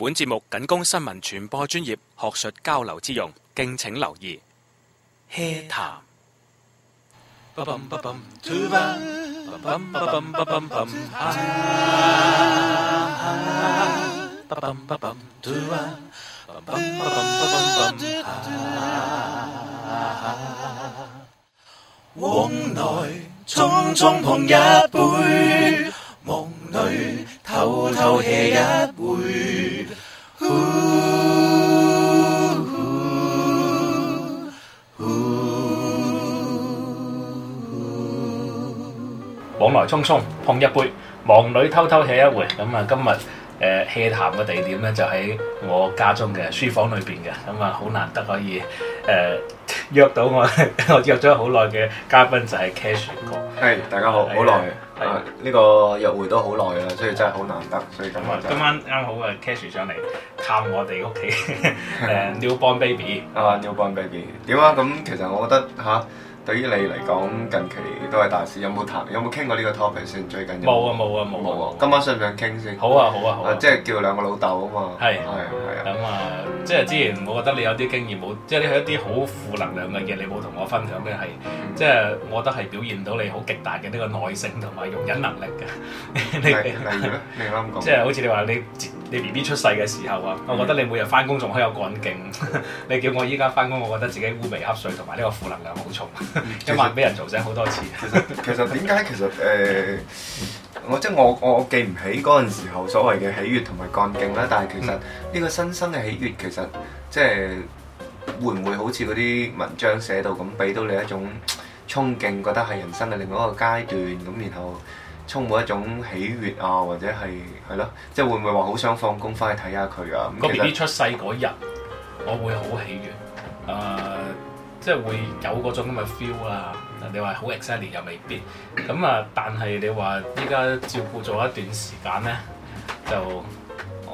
本節目僅供新聞傳播專業學術交流之用，敬請留意。HEA 談。往內匆匆碰一杯。夢裏偷偷 HEA 一回，往來匆匆碰一杯，忙裏偷偷 HEA 一回。咁、嗯、啊，今日誒 HEA 談嘅地點咧就喺、是、我家中嘅書房裏邊嘅，咁啊好難得可以誒、呃、約到我， 我約咗好耐嘅嘉賓就係、是、Cash 哥。係，大家好，好耐、呃。係啊！呢個約會都好耐啦，所以真係好難得，所以咁啊，今晚啱好啊 Cassie 上嚟探我哋屋企誒 Newborn baby 啊 Newborn baby 點啊？咁其實我覺得嚇。對於你嚟講，近期都係大事，有冇談有冇傾過呢個 topic 先？最近冇啊冇啊冇，啊，啊。今晚想唔想傾先？好啊好啊好啊，啊即係叫兩個老豆啊嘛。係係係啊。咁啊，即係之前我覺得你有啲經驗冇，即係你係一啲好負能量嘅嘢，你冇同我分享嘅係，嗯、即係我覺得係表現到你好極大嘅呢個耐性同埋容忍能力㗎 你來。 你例如咧，你啱講，即係好似你話你你 B B 出世嘅時候啊，嗯、我覺得你每日翻工仲可以有幹勁， 你叫我依家翻工，我覺得自己烏眉瞌睡同埋呢個負能量好重。 今晚俾人嘈醒好多次。其實其實點解其實誒、呃、我即係我我，我記唔起嗰陣時候所謂嘅喜悅同埋幹勁啦，但係其實呢、嗯、個新生嘅喜悅其實即係會唔會好似嗰啲文章寫到咁，俾到你一種衝勁，覺得係人生嘅另外一個階段，咁然後充滿一種喜悅啊，或者係係咯，即係會唔會話好想放工翻去睇下佢啊？個、嗯、BB 孩實出世嗰日，我會好喜悅啊！Uh, 即係會有嗰種咁嘅 feel 啊！你話好 excited 又未必咁啊，但係你話依家照顧咗一段時間咧就～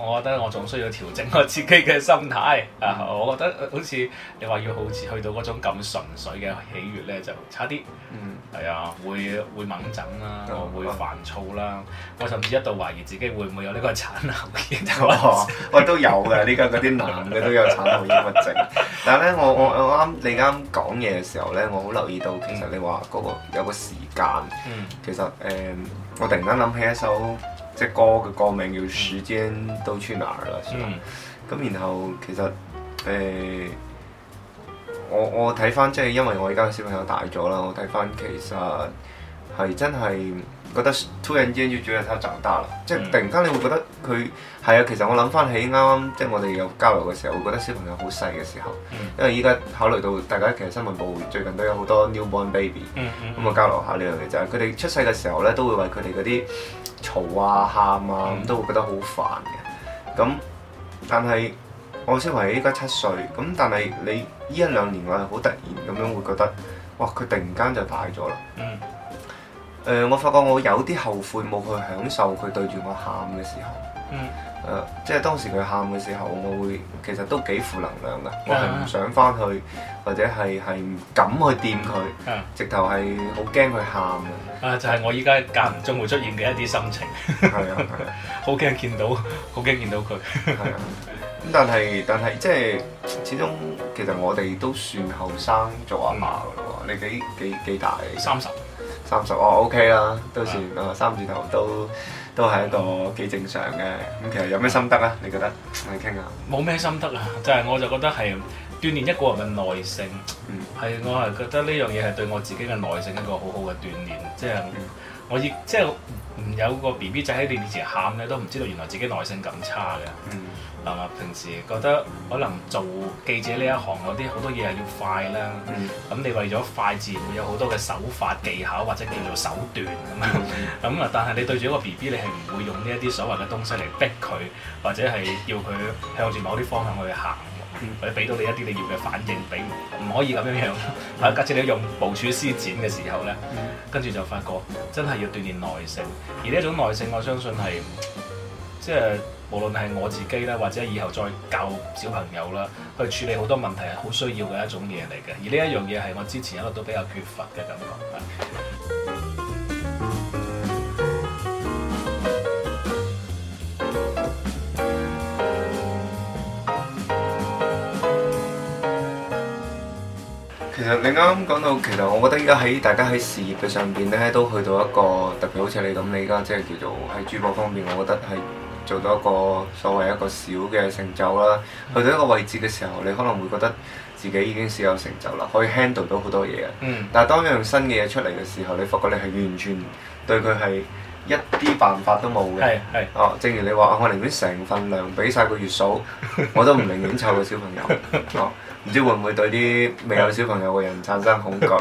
我覺得我仲需要調整我自己嘅心態啊！我覺得好似你話要好似去到嗰種咁純粹嘅喜悅咧，就差啲嗯，係啊，會會猛震啦，會煩躁啦，我甚至一度懷疑自己會唔會有呢個產後嘅我都有嘅，呢家嗰啲男嘅都有產後抑鬱症。但係咧，我我我啱你啱講嘢嘅時候咧，我好留意到其實你話嗰個有個時間，嗯，其實誒，我突然間諗起一首。即歌嘅歌名叫《要時間都去哪兒》啦，嗯，咁然後其實，誒、呃，我我睇翻即係因為我而家嘅小朋友大咗啦，我睇翻其實，係真係，覺得突然間主要他長大啦。嗯、即係突然間你會覺得佢係啊。其實我諗翻起啱啱即係我哋有交流嘅時候，會覺得小朋友好細嘅時候，嗯、因為依家考慮到大家其實新聞部最近都有好多 newborn baby，咁、嗯嗯、我交流下呢樣嘢，就係佢哋出世嘅時候咧，都會為佢哋嗰啲。嘈啊喊啊咁都會覺得好煩嘅，咁、嗯、但係我小維依家七歲，咁但係你呢一兩年話好突然咁樣會覺得，哇佢突然間就大咗啦。嗯。誒、呃，我發覺我有啲後悔冇去享受佢對住我喊嘅時候。嗯，誒、呃，即係當時佢喊嘅時候，我會其實都幾負能量嘅，我係唔想翻去，或者係係唔敢去掂佢，嗯、直頭係好驚佢喊嘅。啊、嗯，就係、是、我依家間唔中會出現嘅一啲心情。係啊係，好驚見到，好驚見到佢。係啊，咁、啊 啊、但係但係即係，始終其實我哋都算後生做阿嫲嘅喎，嗯、你幾幾幾大？嗯、三十，三十哦，OK 啦，都算啊，三字頭都。都係一個幾正常嘅咁，嗯、其實有咩心得啊？你覺得我哋傾下，冇咩心得啊，就係、是、我就覺得係鍛鍊一個人嘅耐性，係、嗯、我係覺得呢樣嘢係對我自己嘅耐性一個好好嘅鍛鍊，即、就、係、是。嗯我亦即係唔有個 B B 仔喺你面前喊咧，都唔知道原來自己耐性咁差嘅。嗱、嗯，平時覺得可能做記者呢一行有啲好多嘢係要快啦。咁、嗯、你為咗快，自然會有好多嘅手法、技巧，或者叫做手段咁。咁啊、嗯 嗯，但係你對住一個 B B，你係唔會用呢一啲所謂嘅東西嚟逼佢，或者係要佢向住某啲方向去行。或者俾到你一啲你要嘅反應，俾唔可以咁樣樣。啊，假設你用無處施展嘅時候呢， 跟住就發覺真係要鍛鍊耐性。而呢一種耐性，我相信係即係無論係我自己啦，或者以後再教小朋友啦， 去處理好多問題係好需要嘅一種嘢嚟嘅。而呢一樣嘢係我之前一路都比較缺乏嘅感覺。其實你啱啱講到，其實我覺得依家喺大家喺事業嘅上邊咧，都去到一個特別，好似你咁，你而家即係叫做喺主播方面，我覺得係做到一個所謂一個小嘅成就啦。去到一個位置嘅時候，你可能會覺得自己已經小有成就啦，可以 handle 到好多嘢，嗯，但係當一樣新嘅嘢出嚟嘅時候，你發覺你係完全對佢係一啲辦法都冇嘅。哦，啊，正如你話，我寧願成份量俾晒個月嫂，我都唔寧願湊個小朋友。 唔知會唔會對啲未有小朋友嘅人產生恐懼？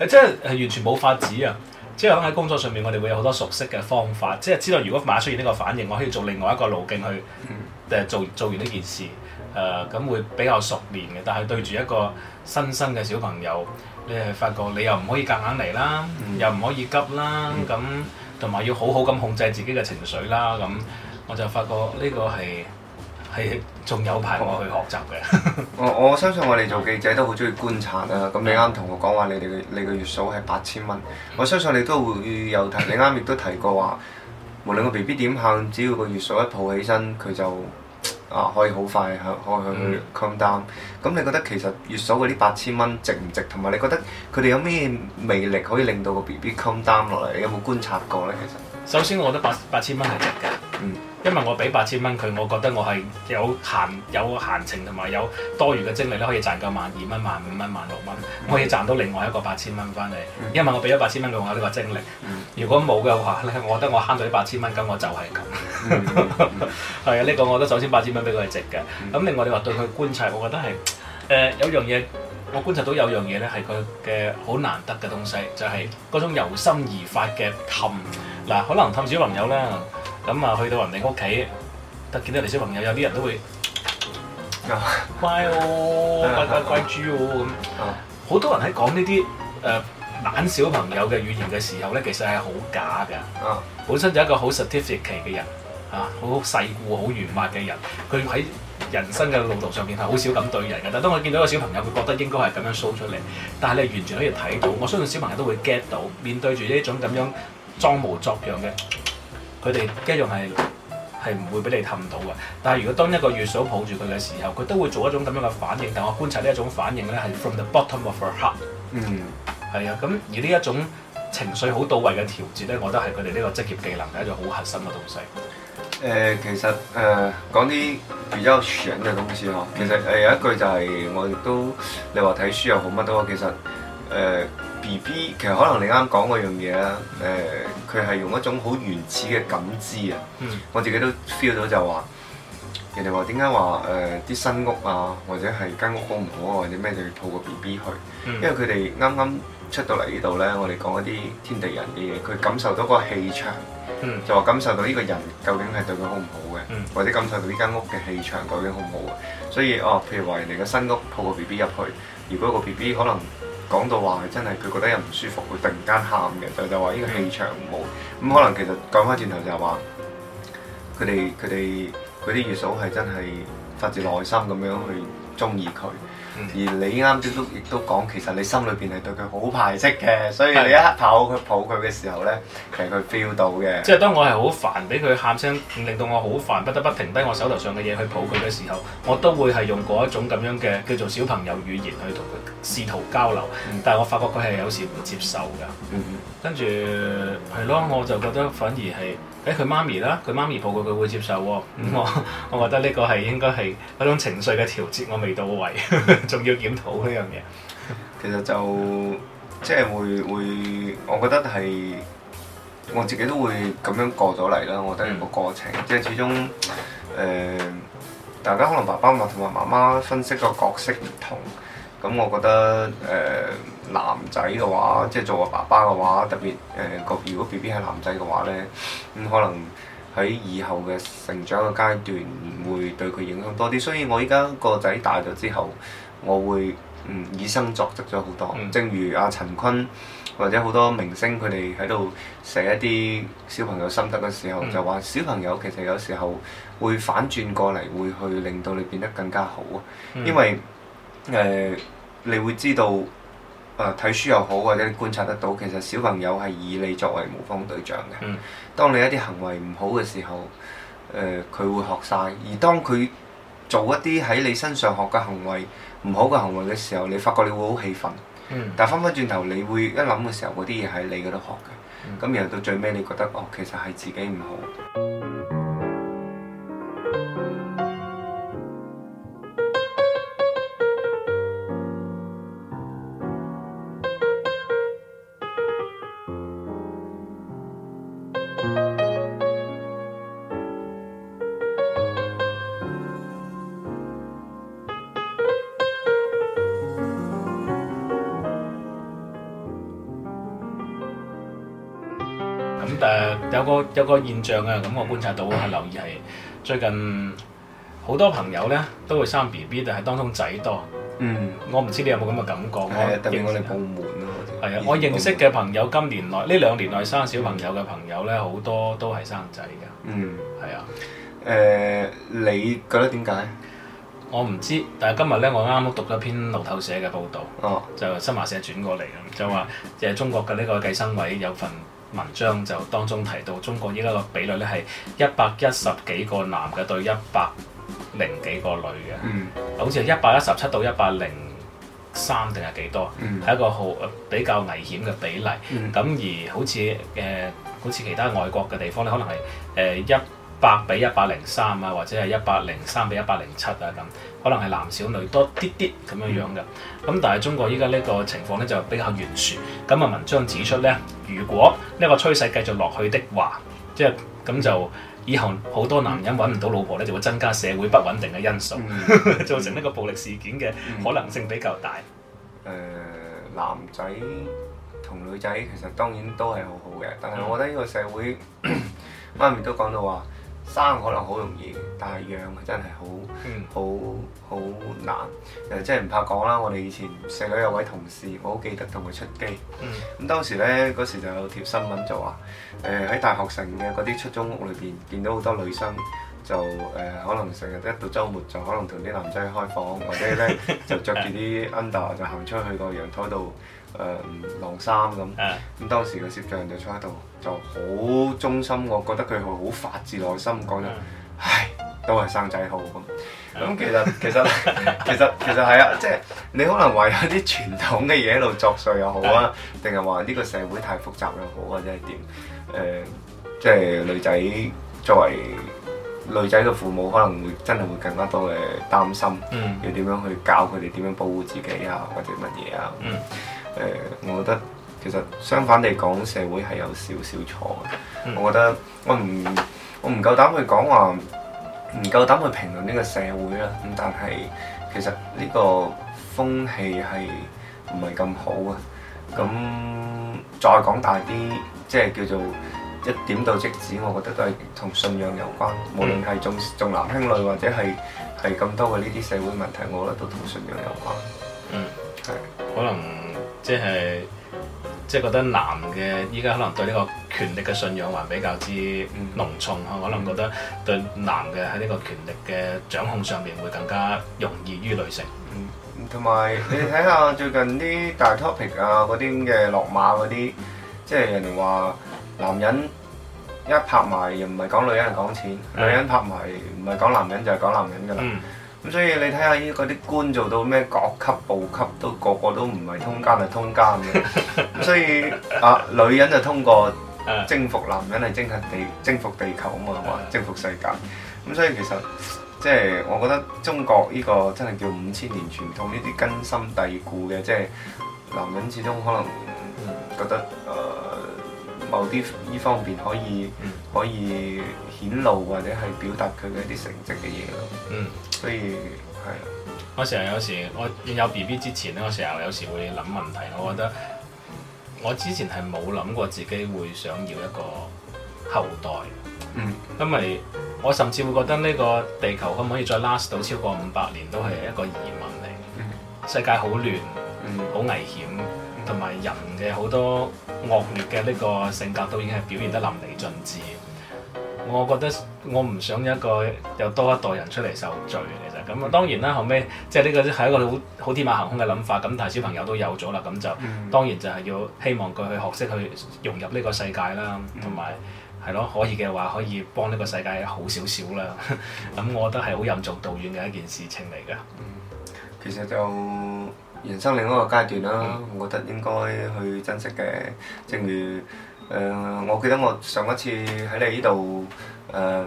即係完全冇法子啊！即係喺工作上面，我哋會有好多熟悉嘅方法，即係知道如果馬出現呢個反應，我可以做另外一個路徑去誒做做完呢件事。誒、呃、咁會比較熟練嘅，但係對住一個新生嘅小朋友，你係發覺你又唔可以夾硬嚟啦，又唔可以急啦，咁同埋要好好咁控制自己嘅情緒啦。咁、嗯嗯、我就發覺呢個係。係仲有排我去學習嘅。 我我相信我哋做記者都好中意觀察啦、啊。咁你啱同我講話，你哋嘅你嘅月嫂係八千蚊。 我相信你都會有提，你啱亦都提過話、啊，無 論個 B B 點喊，只要個月嫂一抱起身，佢就啊可以好快去去去 come down。咁你覺得其實月嫂嗰啲八千蚊值唔值？同埋你覺得佢哋有咩魅力可以令到個 B B come down 落嚟？你有冇觀察過呢？其實首先我覺得八八千蚊係值㗎。嗯。 因為我俾八千蚊佢，我覺得我係有閒有閒情同埋有多餘嘅精力咧，可以賺夠萬二蚊、萬五蚊、萬六蚊，我可以賺到另外一個八千蚊翻嚟。因為我俾咗八千蚊嘅話，呢個精力，如果冇嘅話咧，我覺得我慳咗呢八千蚊，咁我就係咁。係啊、嗯，呢 個我覺得首先八千蚊俾佢係值嘅。咁另外你話對佢觀察，我覺得係誒、呃、有樣嘢，我觀察到有樣嘢咧，係佢嘅好難得嘅東西，就係、是、嗰種由心而發嘅氹。嗱，可能氹小朋友咧。咁啊，去到人哋屋企，得見到嚟小朋友，有啲人都會，乖喎、 oh，乖乖乖豬喎咁。好多人喺講呢啲誒懶小朋友嘅語言嘅時候咧，其實係好假嘅。 本身就一個好 sophisticated 嘅人，啊，好世故、好圓滑嘅人，佢喺人生嘅路途上面係好少咁對人嘅。但當我見到個小朋友，佢覺得應該係咁樣 show 出嚟，但係你是完全可以睇到，我相信小朋友都會 get 到，面對住呢種咁樣裝模作樣嘅。佢哋一樣係係唔會俾你氹到嘅，但係如果當一個月嫂抱住佢嘅時候，佢都會做一種咁樣嘅反應。但我觀察呢一種反應咧，係 from the bottom of her heart。嗯，係啊，咁而呢一種情緒好到位嘅調節咧，我覺得係佢哋呢個職業技能嘅一種好核心嘅東西。誒、呃，其實誒、呃、講啲比較 chill 嘅東西呵，其實誒、呃嗯、有一句就係、是、我亦都你話睇書又好乜都，其實誒。呃 B B 其實可能你啱講嗰樣嘢啦，誒佢係用一種好原始嘅感知啊，嗯、我自己都 feel 到就話，人哋話點解話誒啲新屋啊，或者係間屋好唔好啊，或者咩就要抱個 B B 去，嗯、因為佢哋啱啱出到嚟呢度咧，我哋講一啲天地人嘅嘢，佢感受到個氣場，嗯、就話感受到呢個人究竟係對佢好唔好嘅，嗯、或者感受到呢間屋嘅氣場究竟好唔好嘅，所以哦、啊，譬如話人哋嘅新屋抱個 B B 入去，如果個 B B 可能。講到話真係，佢覺得有唔舒服，會突然間喊嘅，就就話呢個氣場唔好咁、嗯嗯。可能其實講翻轉頭就係話，佢哋佢哋嗰啲月嫂係真係發自內心咁樣去中意佢。嗯、而你啱啱亦都亦都講，其實你心裏邊係對佢好排斥嘅，所以你一抱佢抱佢嘅時候呢，其實佢 feel 到嘅。即係當我係好煩，俾佢喊聲，令到我好煩，不得不停低我手頭上嘅嘢去抱佢嘅時候，我都會係用嗰一種咁樣嘅叫做小朋友語言去同佢試圖交流，但係我發覺佢係有時唔接受㗎。嗯嗯，跟住係咯，我就覺得反而係。誒佢、欸、媽咪啦，佢媽咪抱過佢會接受喎、哦，咁、嗯、我我覺得呢個係應該係一種情緒嘅調節，我未到位，仲 要檢討呢樣嘢。是是其實就即係、就是、會會，我覺得係我自己都會咁樣過咗嚟啦。我覺得個過程即係、嗯、始終誒、呃，大家可能爸爸同埋媽媽分析個角色唔同，咁我覺得誒。呃男仔嘅話，即係做我爸爸嘅話，特別誒個、呃。如果 B B 係男仔嘅話呢咁、嗯、可能喺以後嘅成長嘅階段會對佢影響多啲。所以我依家個仔大咗之後，我會嗯以身作則咗好多。嗯、正如阿、啊、陳坤或者好多明星佢哋喺度寫一啲小朋友心得嘅時候，嗯、就話小朋友其實有時候會反轉過嚟，會去令到你變得更加好。嗯、因為誒、呃，你會知道。啊、睇書又好，或者你觀察得到，其實小朋友係以你作為模仿對象嘅。嗯、當你一啲行為唔好嘅時候，佢、呃、會學晒；而當佢做一啲喺你身上學嘅行為唔好嘅行為嘅時候，你發覺你會好氣憤。嗯、但翻翻轉頭，你會一諗嘅時候，嗰啲嘢喺你嗰度學嘅。咁、嗯、然後到最尾，你覺得哦，其實係自己唔好。有個有個現象啊，咁我觀察到係留意係最近好多朋友咧都會生 B B，但係當中仔多。嗯，我唔知你有冇咁嘅感覺。嗯、我哋好認識嘅的朋友今年內呢兩年內生小朋友嘅朋友咧，好、嗯、多都係生仔嘅。嗯，係啊的。誒、呃，你覺得點解？我唔知，但係今日咧，我啱啱讀咗篇《路透社》嘅報導，哦、就新華社，社轉過嚟啊，就話即係中國嘅呢個計生委有份。文章就當中提到，中國依家個比率咧係一百一十幾個男嘅對一百零幾個女嘅，嗯、好似係一百一十七到一百零三定係幾多，係、嗯、一個好比較危險嘅比例。咁、嗯、而好似誒、呃，好似其他外國嘅地方咧，可能係誒、呃、一百比一百零三啊，或者係一百零三比一百零七啊，咁可能係男少女多啲啲咁樣樣嘅。咁、嗯、但係中國依家呢個情況咧就比較懸殊。咁啊，文章指出咧，如果呢個趨勢繼續落去的話，即係咁就以後好多男人搵唔到老婆咧，就會增加社會不穩定嘅因素，嗯、 造成呢個暴力事件嘅可能性比較大。誒、呃，男仔同女仔其實當然都係好好嘅，但係我覺得呢個社會、嗯、媽咪都講到話，生可能好容易，但係養真係、嗯、好好好難。誒，即係唔怕講啦，我哋以前社裏有位同事，我好記得同佢出機。咁、嗯、當時呢，嗰時就有貼新聞就，就話誒喺大學城嘅嗰啲出租屋裏邊，見到好多女生就誒、呃，可能成日一到周末就可能同啲男仔開房，或者呢，就着住啲 under 就行出去個陽台度。誒晾衫咁，咁、呃嗯、當時個攝像就坐喺度，就好忠心。我覺得佢好發自內心講、嗯、唉，都係生仔好咁。咁、嗯嗯、其實其實其實其實係啊，即係你可能話有啲傳統嘅嘢喺度作祟又好啊，定係話呢個社會太複雜又好，或者係點？誒、呃，即係女仔作為女仔嘅父母，可能會真係會更加多嘅擔心，嗯、要點樣去教佢哋點樣保護自己啊，或者乜嘢啊？嗯誒，我覺得其實相反地講，社會係有少少錯嘅。嗯、我覺得我唔我唔夠膽去講話，唔夠膽去評論呢個社會啦。咁但係其實呢個風氣係唔係咁好嘅。咁再講大啲，即係叫做一點到即止。我覺得都係同信仰有關。嗯、無論係重重男輕女，或者係係咁多嘅呢啲社會問題，我覺得都同信仰有關。嗯，係。可能。即係，即係覺得男嘅依家可能對呢個權力嘅信仰還比較之濃重，嗯、可能覺得對男嘅喺呢個權力嘅掌控上面會更加容易於女性。同埋、嗯、你睇下最近啲大 topic 啊，嗰啲嘅落馬嗰啲，即係人哋話男人一拍埋，又唔係講女人，講錢，嗯、女人拍埋，唔係講男人就係講男人噶啦。嗯咁所以你睇下依嗰啲官做到咩，各級部級都個個都唔係通奸係通姦嘅。咁 所以啊，女人就通過征服男人嚟征服地征服地球啊嘛， 征服世界。咁所以其實即係、就是、我覺得中國呢個真係叫五千年傳統，呢啲根深蒂固嘅，即、就、係、是、男人始終可能覺得誒、呃、某啲呢方面可以可以顯露或者係表達佢嘅一啲成績嘅嘢咯。嗯。所以係。我成日有時，我有 B B 之前咧，我成日有時會諗問題。我覺得我之前係冇諗過自己會想要一個後代。嗯，因為我甚至會覺得呢個地球可唔可以再 last 到超過五百年都係一個疑問嚟。嗯，世界好亂，好，嗯，危險，同埋人嘅好多惡劣嘅呢個性格都已經係表現得淋漓盡致。我覺得我唔想一個有多一代人出嚟受罪，其實咁當然啦。後尾、嗯、即係呢個係一個好好天馬行空嘅諗法，咁但係小朋友都有咗啦，咁就當然就係要希望佢去學識去融入呢個世界啦，同埋係咯，可以嘅話可以幫呢個世界好少少啦。咁 我覺得係好任重道遠嘅一件事情嚟㗎。其實就人生另一個階段啦，嗯、我覺得應該去珍惜嘅，正如。誒、呃，我記得我上一次喺你呢度，誒、呃、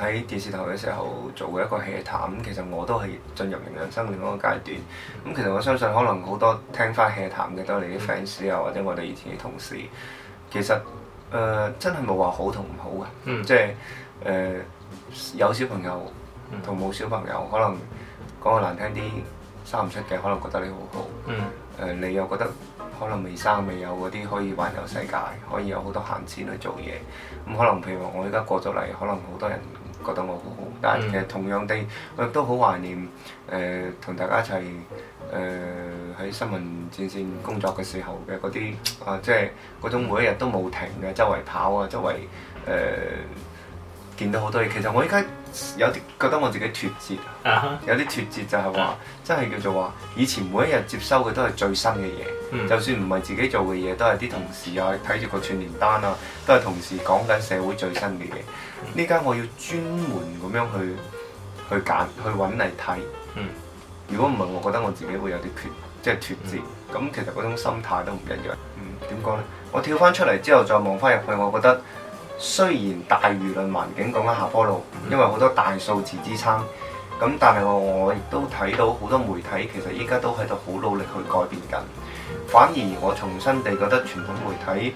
喺電視台嘅時候做一個 HEA 談，其實我都係進入人生另外一個階段。咁、嗯、其實我相信可能好多聽翻 HEA 談嘅都係你啲 fans 啊，或者我哋以前嘅同事。其實誒、呃、真係冇話好同唔好嘅，嗯、即係誒、呃、有小朋友同冇小朋友，可能講句難聽啲生唔出嘅，可能覺得你好好。誒、嗯呃，你又覺得？可能未生未有嗰啲可以環遊世界，可以有好多閒錢去做嘢。咁、嗯、可能譬如話，我而家過咗嚟，可能好多人覺得我好好，但係其實同樣地，我亦都好懷念誒、呃、同大家一齊誒喺新聞戰線工作嘅時候嘅嗰啲啊，即係嗰種每一日都冇停嘅周圍跑啊，周圍誒。呃見到好多嘢，其實我依家有啲覺得我自己脱節，uh huh. 有啲脱節就係話，真係叫做話，以前每一日接收嘅都係最新嘅嘢，嗯、就算唔係自己做嘅嘢，都係啲同事啊睇住個串連單啊，都係同事講緊社會最新嘅嘢。呢家、嗯、我要專門咁樣去去揀去揾嚟睇。嗯、如果唔係，我覺得我自己會有啲缺，即係脱節。咁、嗯、其實嗰種心態都唔一樣。點、嗯、講呢？我跳翻出嚟之後，再望翻入去，我覺得。雖然大輿論環境講緊下坡路，因為好多大數字支撐，咁但係我我亦都睇到好多媒體其實依家都喺度好努力去改變緊。反而我重新地覺得傳統媒體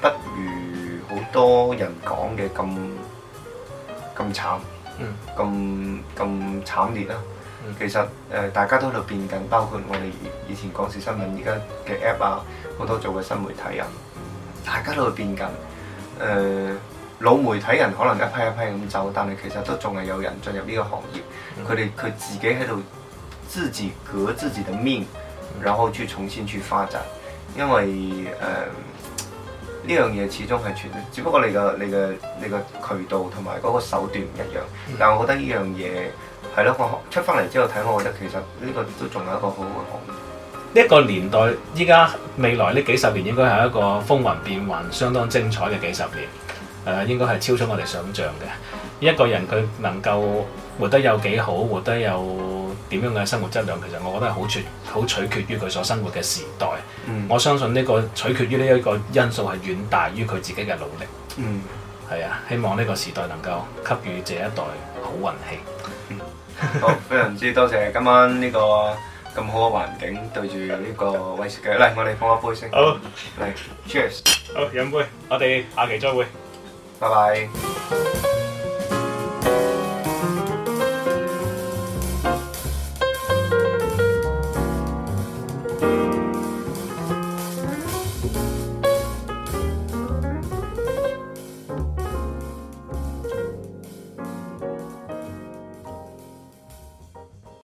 不如好多人講嘅咁咁慘，咁咁、嗯、慘烈啦。嗯、其實誒大家都喺度變緊，包括我哋以前港視新聞，而家嘅 App 啊，好多做嘅新媒體啊，大家都喺度變緊。誒、呃、老媒體人可能一批一批咁走，但係其實都仲係有人進入呢個行業，佢哋佢自己喺度自自革自己嘅命，然後去重新去發展，因為誒呢樣嘢始終係全，只不過你個你個你個渠道同埋嗰個手段唔一樣，但係我覺得呢樣嘢係咯，我出翻嚟之後睇，我覺得其實呢個都仲係一個好好嘅行業。呢一個年代，依家未來呢幾十年應該係一個風雲變幻、相當精彩嘅幾十年。誒、呃，應該係超出我哋想象嘅。一個人佢能夠活得有幾好，活得有點樣嘅生活質量，其實我覺得係好、好取決於佢所生活嘅時代。嗯、我相信呢個取決於呢一個因素係遠大於佢自己嘅努力。嗯，係、嗯、啊，希望呢個時代能夠給予這一代好運氣。嗯、好，非常之多 謝，謝今晚呢、這個。咁好嘅環境對住呢個威士忌，嚟，我哋放一杯先。好，嚟，Cheers。好，飲杯。我哋下期再會。拜拜。